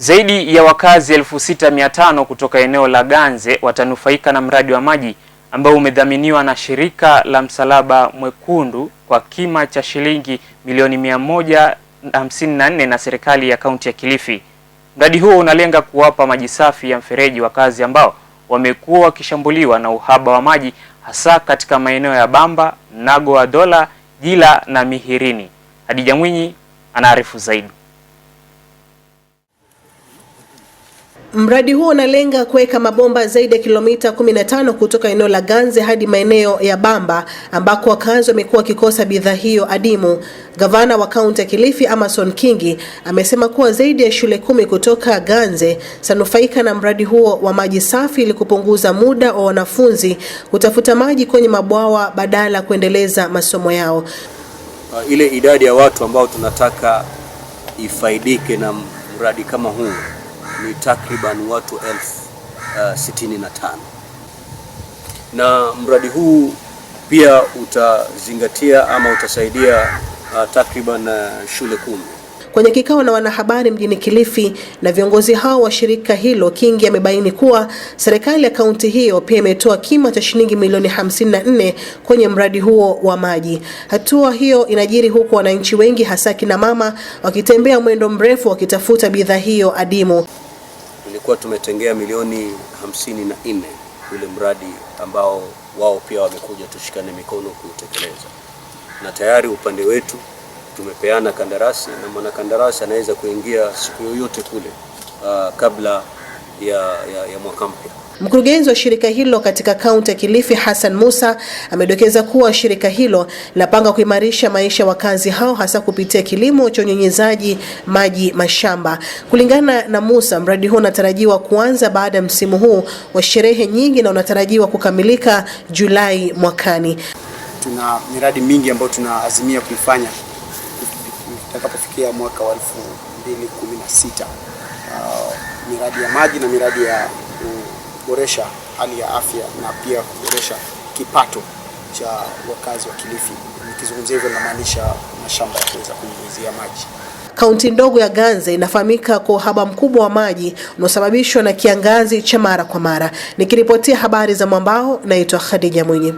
Zaidi ya wakazi 6500 kutoka eneo la Ganze watanufaika na mradi wa maji ambao umedhaminiwa na shirika la Msalaba Mwekundu kwa kima cha shilingi milioni 154 na serikali ya kaunti ya Kilifi. Mradi huo unalenga kuwapa maji safi ya mfereji wakazi ambao wamekuwa wakishambuliwa na uhaba wa maji hasa katika maeneo ya Bamba, Mnago wa Dola, Jila na Mihirini. Hadija Mwinyi anaarifu zaidi. Mradi huo unalenga kuweka mabomba zaidi ya kilomita 15 kutoka eneo la Ganze hadi maeneo ya Bamba ambako wakazi wamekuwa wakikosa bidhaa hiyo adimu. Gavana wa kaunti ya Kilifi Amason Kingi amesema kuwa zaidi ya shule kumi kutoka Ganze sanufaika na mradi huo wa maji safi ili kupunguza muda wa wanafunzi kutafuta maji kwenye mabwawa badala ya kuendeleza masomo yao. Uh, ile idadi ya watu ambao tunataka ifaidike na mradi kama huu ni takriban watu elfu uh, sitini na tano na mradi huu pia utazingatia ama utasaidia uh, takriban uh, shule kumi. Kwenye kikao na wanahabari mjini Kilifi na viongozi hao wa shirika hilo, Kingi amebaini kuwa serikali ya kaunti hiyo pia imetoa kima cha shilingi milioni 54 kwenye mradi huo wa maji. Hatua hiyo inajiri huku wananchi wengi hasa kina mama wakitembea mwendo mrefu wakitafuta bidhaa hiyo adimu. Ilikuwa tumetengea milioni hamsini na nne ule mradi ambao wao pia wamekuja tushikane mikono kuutekeleza, na tayari upande wetu tumepeana kandarasi na mwanakandarasi anaweza kuingia siku yoyote kule, uh, kabla ya, ya, ya mwaka mpya. Mkurugenzi wa shirika hilo katika kaunti ya Kilifi, Hassan Musa, amedokeza kuwa shirika hilo linapanga kuimarisha maisha ya wakazi hao hasa kupitia kilimo cha unyunyizaji maji mashamba. Kulingana na Musa, mradi huu unatarajiwa kuanza baada ya msimu huu wa sherehe nyingi na unatarajiwa kukamilika Julai mwakani. Tuna miradi mingi ambayo tunaazimia kuifanya itakapofikia mwaka wa 2016 uh, ah, miradi ya maji na miradi ya kuboresha hali ya afya na pia kuboresha kipato cha wakazi wa Kilifi. Nikizungumzia hivyo namaanisha mashamba ya kuweza kunyunyizia maji. Kaunti ndogo ya Ganze inafahamika kwa uhaba mkubwa wa maji unaosababishwa na kiangazi cha mara kwa mara. Nikiripotia habari za Mwambao, naitwa Khadija Mwinyi.